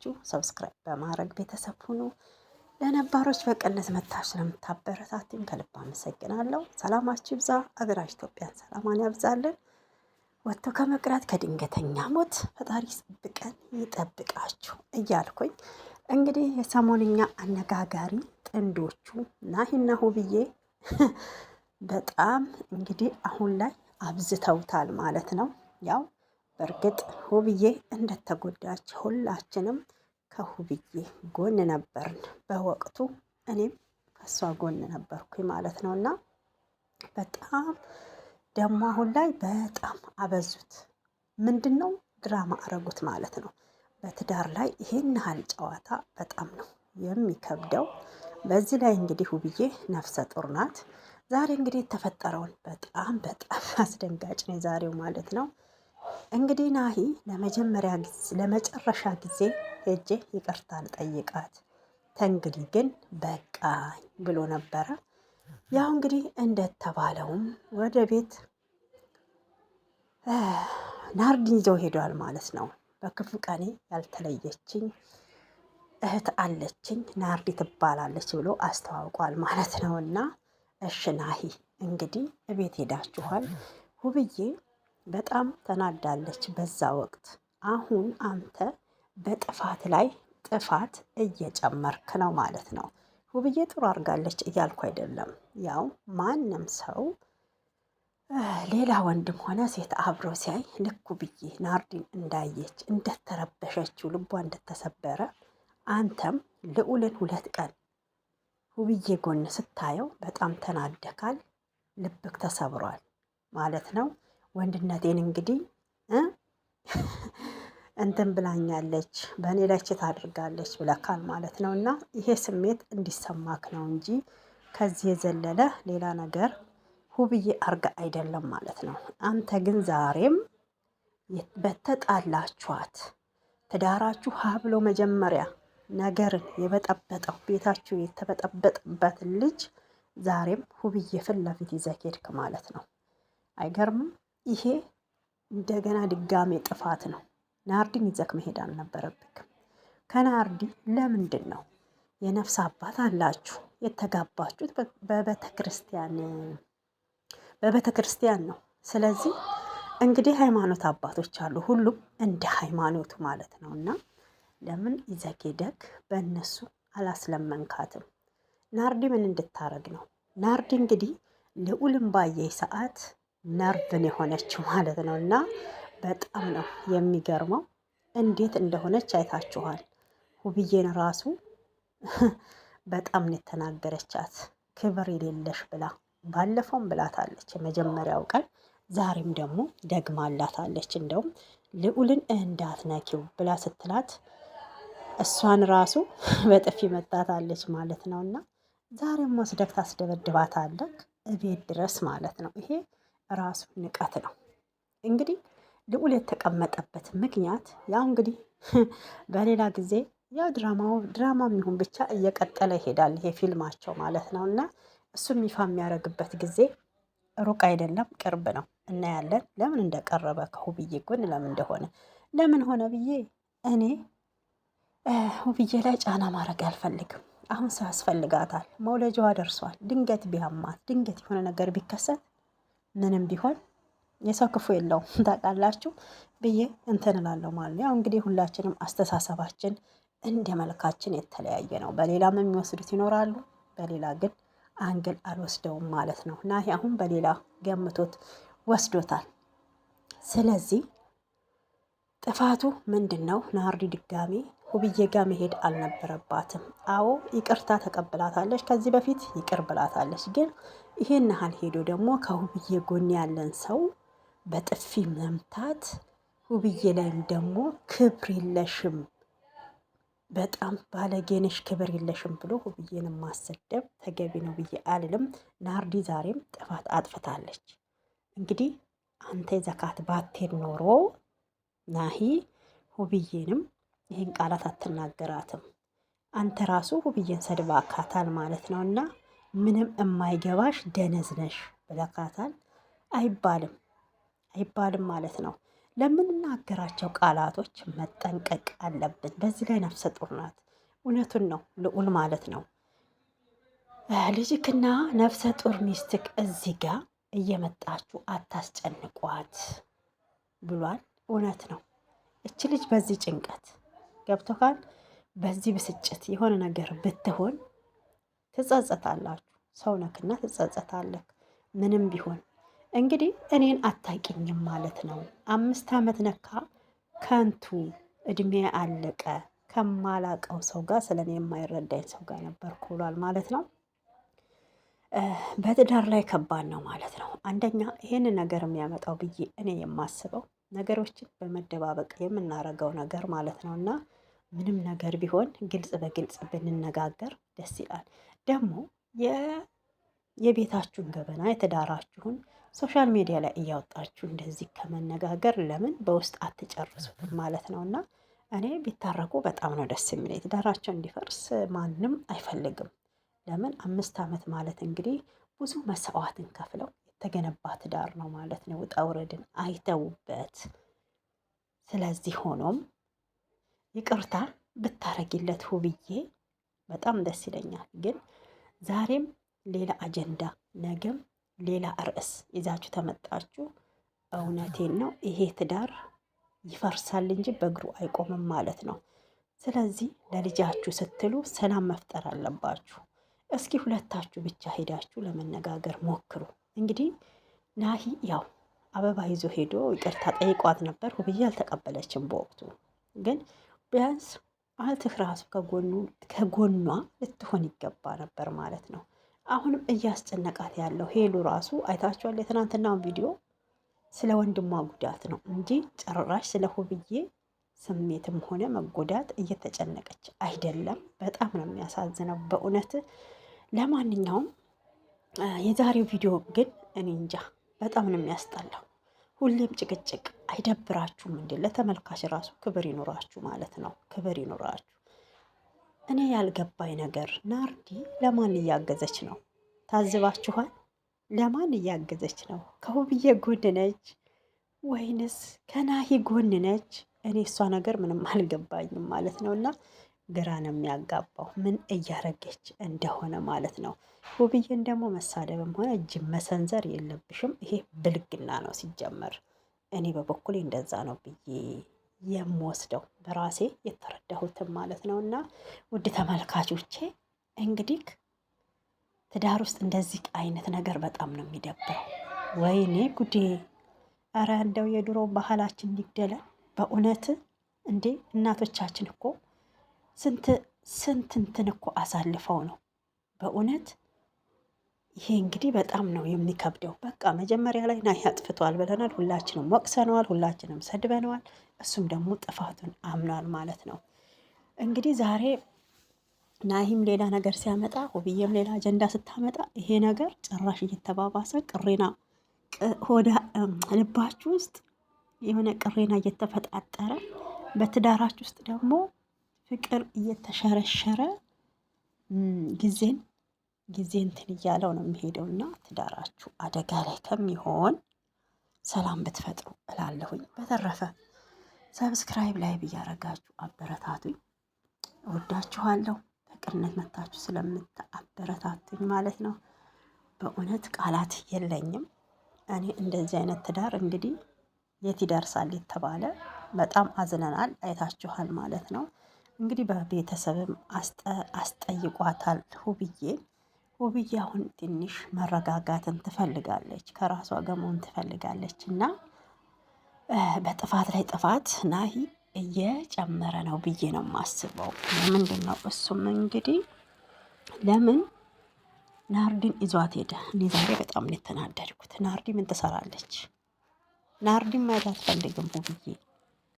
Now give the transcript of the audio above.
ያላችሁ ሰብስክራይብ በማድረግ ቤተሰብ ሁኑ። ለነባሮች በቅነት መታች ስለምታበረታትም ከልብ አመሰግናለሁ። ሰላማችሁ ይብዛ። አገራች ኢትዮጵያን ሰላማን ያብዛልን። ወጥቶ ከመቅረት ከድንገተኛ ሞት ፈጣሪ ይጠብቀን ይጠብቃችሁ እያልኩኝ እንግዲህ የሰሞንኛ አነጋጋሪ ጥንዶቹ ናሂና ሁብዬ በጣም እንግዲህ አሁን ላይ አብዝተውታል ማለት ነው ያው በእርግጥ ሁብዬ እንደተጎዳች ሁላችንም ከሁብዬ ጎን ነበርን በወቅቱ። እኔም ከእሷ ጎን ነበርኩኝ ማለት ነው። እና በጣም ደግሞ አሁን ላይ በጣም አበዙት። ምንድን ነው ድራማ አረጉት ማለት ነው። በትዳር ላይ ይሄን ያህል ጨዋታ በጣም ነው የሚከብደው። በዚህ ላይ እንግዲህ ሁብዬ ነፍሰ ጡር ናት። ዛሬ እንግዲህ የተፈጠረውን በጣም በጣም አስደንጋጭ ነው የዛሬው ማለት ነው። እንግዲህ ናሂ ለመጀመሪያ ጊዜ ለመጨረሻ ጊዜ ሄጄ ይቅርታ ልጠይቃት ተንግዲህ ግን በቃኝ ብሎ ነበረ። ያው እንግዲህ እንደተባለውም ወደ ቤት ናርዲን ይዘው ሄደዋል ማለት ነው። በክፉ ቀኔ ያልተለየችኝ እህት አለችኝ ናርዲ ትባላለች ብሎ አስተዋውቋል ማለት ነው። እና እሽ ናሂ እንግዲህ እቤት ሄዳችኋል ሁብዬ በጣም ተናዳለች በዛ ወቅት። አሁን አንተ በጥፋት ላይ ጥፋት እየጨመርክ ነው ማለት ነው። ውብዬ ጥሩ አድርጋለች እያልኩ አይደለም። ያው ማንም ሰው ሌላ ወንድም ሆነ ሴት አብሮ ሲያይ ልኩ ውብዬ ናርዲን እንዳየች እንደተረበሸችው፣ ልቧ እንደተሰበረ አንተም ልዑልን ሁለት ቀን ውብዬ ጎን ስታየው በጣም ተናደካል፣ ልብክ ተሰብሯል ማለት ነው። ወንድነቴን እንግዲህ እንትን ብላኛለች በእኔ ላይ ችት አድርጋለች ብለካል ማለት ነው። እና ይሄ ስሜት እንዲሰማክ ነው እንጂ ከዚህ የዘለለ ሌላ ነገር ሁብዬ አርጋ አይደለም ማለት ነው። አንተ ግን ዛሬም በተጣላችኋት ትዳራችሁ ሀ ብሎ መጀመሪያ ነገርን የበጠበጠው ቤታችሁ የተበጠበጠበትን ልጅ ዛሬም ሁብዬ ፊት ለፊት ይዘህ ሄድክ ማለት ነው። አይገርምም? ይሄ እንደገና ድጋሜ ጥፋት ነው። ናርዲን ይዘክ መሄድ አልነበረብክ። ከናርዲ ለምንድን ነው የነፍስ አባት አላችሁ የተጋባችሁት? በቤተክርስቲያን ክርስቲያን ነው። ስለዚህ እንግዲህ ሃይማኖት አባቶች አሉ፣ ሁሉም እንደ ሃይማኖቱ ማለት ነው። እና ለምን ይዘክ ሄደክ? በእነሱ አላስለመንካትም። ናርዲ ምን እንድታረግ ነው? ናርዲ እንግዲህ ልዑልም ባየ ሰዓት ነርቭን የሆነችው ማለት ነው። እና በጣም ነው የሚገርመው እንዴት እንደሆነች አይታችኋል። ሁብዬን ራሱ በጣም ነው የተናገረቻት ክብር የሌለሽ ብላ ባለፈውም ብላታለች፣ የመጀመሪያው ቀን ዛሬም ደግሞ ደግማላታለች። እንደውም ልዑልን እንዳትነኪው ብላ ስትላት እሷን ራሱ በጥፊ መታታለች ማለት ነው። እና ዛሬም ወስደክ ታስደበድባታለክ እቤት ድረስ ማለት ነው ይሄ ራሱ ንቀት ነው። እንግዲህ ልዑል የተቀመጠበት ምክንያት ያው እንግዲህ በሌላ ጊዜ ያው ድራማው ድራማ ይሁን ብቻ እየቀጠለ ይሄዳል ይሄ ፊልማቸው ማለት ነው። እና እሱም ይፋ የሚያደርግበት ጊዜ ሩቅ አይደለም፣ ቅርብ ነው። እናያለን ለምን እንደቀረበ ከሁብዬ ጎን ለምን እንደሆነ ለምን ሆነ ብዬ እኔ ሁብዬ ላይ ጫና ማድረግ አልፈልግም። አሁን ሰው ያስፈልጋታል። መውለጃዋ ደርሷል። ድንገት ቢያማት ድንገት የሆነ ነገር ቢከሰት ምንም ቢሆን የሰው ክፉ የለውም ታውቃላችሁ ብዬ እንትን እላለሁ ማለት ነው። ያው እንግዲህ ሁላችንም አስተሳሰባችን እንደ መልካችን የተለያየ ነው። በሌላም የሚወስዱት ይኖራሉ፣ በሌላ ግን አንግል አልወስደውም ማለት ነው እና አሁን በሌላ ገምቶት ወስዶታል። ስለዚህ ጥፋቱ ምንድን ነው? ናርዲ ድጋሜ ሁብዬ ጋር መሄድ አልነበረባትም። አዎ ይቅርታ ተቀብላታለች፣ ከዚህ በፊት ይቅር ብላታለች ግን ይሄን ያህል ሄዶ ደግሞ ከሁብዬ ጎን ያለን ሰው በጥፊ መምታት፣ ሁብዬ ላይም ደግሞ ክብር የለሽም በጣም ባለጌነሽ ክብር የለሽም ብሎ ሁብዬን ማሰደብ ተገቢ ነው ብዬ አልልም። ናርዲ ዛሬም ጥፋት አጥፍታለች። እንግዲህ አንተ ዘካት ባቴን ኖሮ ናሂ ሁብዬንም ይህን ቃላት አትናገራትም። አንተ ራሱ ሁብዬን ሰድባ አካታል ማለት ነው እና ምንም የማይገባሽ ደነዝ ነሽ ብለካታል። አይባልም አይባልም ማለት ነው። ለምንናገራቸው ቃላቶች መጠንቀቅ አለብን። በዚህ ላይ ነፍሰ ጡር ናት። እውነቱን ነው ልዑል ማለት ነው። ልጅክና ነፍሰ ጡር ሚስትክ እዚህ ጋ እየመጣችሁ አታስጨንቋት ብሏል። እውነት ነው። እች ልጅ በዚህ ጭንቀት ገብቶካል። በዚህ ብስጭት የሆነ ነገር ብትሆን ትጸጸታላችሁ። ሰው ነክና ትጸጸታለህ። ምንም ቢሆን እንግዲህ እኔን አታቂኝም ማለት ነው። አምስት ዓመት ነካ ከንቱ እድሜ አለቀ ከማላቀው ሰው ጋር ስለ እኔ የማይረዳኝ ሰው ጋር ነበርኩ ብሏል ማለት ነው። በትዳር ላይ ከባድ ነው ማለት ነው። አንደኛ ይህን ነገር የሚያመጣው ብዬ እኔ የማስበው ነገሮችን በመደባበቅ የምናረገው ነገር ማለት ነው እና ምንም ነገር ቢሆን ግልጽ በግልጽ ብንነጋገር ደስ ይላል። ደግሞ የቤታችሁን ገበና የተዳራችሁን ሶሻል ሚዲያ ላይ እያወጣችሁ እንደዚህ ከመነጋገር ለምን በውስጥ አትጨርሱትም ማለት ነው። እና እኔ ቢታረቁ በጣም ነው ደስ የሚለኝ። ትዳራቸው እንዲፈርስ ማንም አይፈልግም። ለምን አምስት ዓመት ማለት እንግዲህ ብዙ መስዋዕትን ከፍለው የተገነባ ትዳር ነው ማለት ነው። ውጣ ውረድን አይተውበት። ስለዚህ ሆኖም ይቅርታ ብታረጊለት ሁብዬ በጣም ደስ ይለኛል ግን ዛሬም ሌላ አጀንዳ፣ ነገም ሌላ ርዕስ ይዛችሁ ተመጣችሁ። እውነቴን ነው፣ ይሄ ትዳር ይፈርሳል እንጂ በእግሩ አይቆምም ማለት ነው። ስለዚህ ለልጃችሁ ስትሉ ሰላም መፍጠር አለባችሁ። እስኪ ሁለታችሁ ብቻ ሄዳችሁ ለመነጋገር ሞክሩ። እንግዲህ ናሂ ያው አበባ ይዞ ሄዶ ይቅርታ ጠይቋት ነበር። ብዬ አልተቀበለችም። በወቅቱ ግን ቢያንስ አልትህ ራሱ ከጎኗ ልትሆን ይገባ ነበር ማለት ነው። አሁንም እያስጨነቃት ያለው ሄሉ ራሱ አይታችኋል። የትናንትናውን ቪዲዮ ስለ ወንድሟ ጉዳት ነው እንጂ ጭራሽ ስለ ሁብዬ ስሜትም ሆነ መጎዳት እየተጨነቀች አይደለም። በጣም ነው የሚያሳዝነው በእውነት። ለማንኛውም የዛሬው ቪዲዮ ግን እኔ እንጃ በጣም ነው የሚያስጠላው። ሁሌም ጭቅጭቅ አይደብራችሁም እንዴ? ለተመልካች ራሱ ክብር ይኖራችሁ ማለት ነው። ክብር ይኖራችሁ። እኔ ያልገባኝ ነገር ናርዲ ለማን እያገዘች ነው? ታዝባችኋል? ለማን እያገዘች ነው? ከውብዬ ጎን ነች ወይንስ ከናሂ ጎን ነች? እኔ እሷ ነገር ምንም አልገባኝም ማለት ነው እና ግራ ነው የሚያጋባው ምን እያረገች እንደሆነ ማለት ነው። ውብዬን ደግሞ መሳደብም ሆነ እጅ መሰንዘር የለብሽም። ይሄ ብልግና ነው ሲጀመር። እኔ በበኩሌ እንደዛ ነው ብዬ የምወስደው በራሴ የተረዳሁትም ማለት ነው። እና ውድ ተመልካቾቼ እንግዲህ ትዳር ውስጥ እንደዚህ አይነት ነገር በጣም ነው የሚደብረው። ወይኔ ጉዴ! ረ እንደው የድሮ ባህላችን ይግደለን በእውነት እንዴ! እናቶቻችን እኮ ስንት ስንት እንትን እኮ አሳልፈው ነው በእውነት ይሄ እንግዲህ በጣም ነው የሚከብደው። በቃ መጀመሪያ ላይ ናሂ አጥፍቷል ብለናል፣ ሁላችንም ወቅሰነዋል፣ ሁላችንም ሰድበነዋል። እሱም ደግሞ ጥፋቱን አምኗል ማለት ነው። እንግዲህ ዛሬ ናሂም ሌላ ነገር ሲያመጣ፣ ውብዬም ሌላ አጀንዳ ስታመጣ ይሄ ነገር ጭራሽ እየተባባሰ ቅሬና ሆዳ ልባችሁ ውስጥ የሆነ ቅሬና እየተፈጣጠረ በትዳራችሁ ውስጥ ደግሞ ፍቅር እየተሸረሸረ ጊዜን ጊዜ እንትን እያለው ነው የሚሄደው እና ትዳራችሁ አደጋ ላይ ከሚሆን ሰላም ብትፈጥሩ እላለሁኝ። በተረፈ ሰብስክራይብ ላይ ብያረጋችሁ አበረታቱኝ። እወዳችኋለሁ። በቅርነት መታችሁ ስለምታበረታቱኝ ማለት ነው። በእውነት ቃላት የለኝም። እኔ እንደዚህ አይነት ትዳር እንግዲህ የት ይደርሳል የተባለ በጣም አዝነናል፣ አይታችኋል ማለት ነው። እንግዲህ በቤተሰብም አስጠይቋታል ሁብዬ። ሁብዬ አሁን ትንሽ መረጋጋትን ትፈልጋለች፣ ከራሷ ጋር መሆን ትፈልጋለች። እና በጥፋት ላይ ጥፋት ናሂ እየጨመረ ነው ብዬ ነው የማስበው። ለምንድን ነው እሱም እንግዲህ ለምን ናርዲን ይዟት ሄደ? እኔ ዛሬ በጣም ነው የተናደድኩት። ናርዲ ምን ትሰራለች? ናርዲን ማየት አትፈልግም ሁብዬ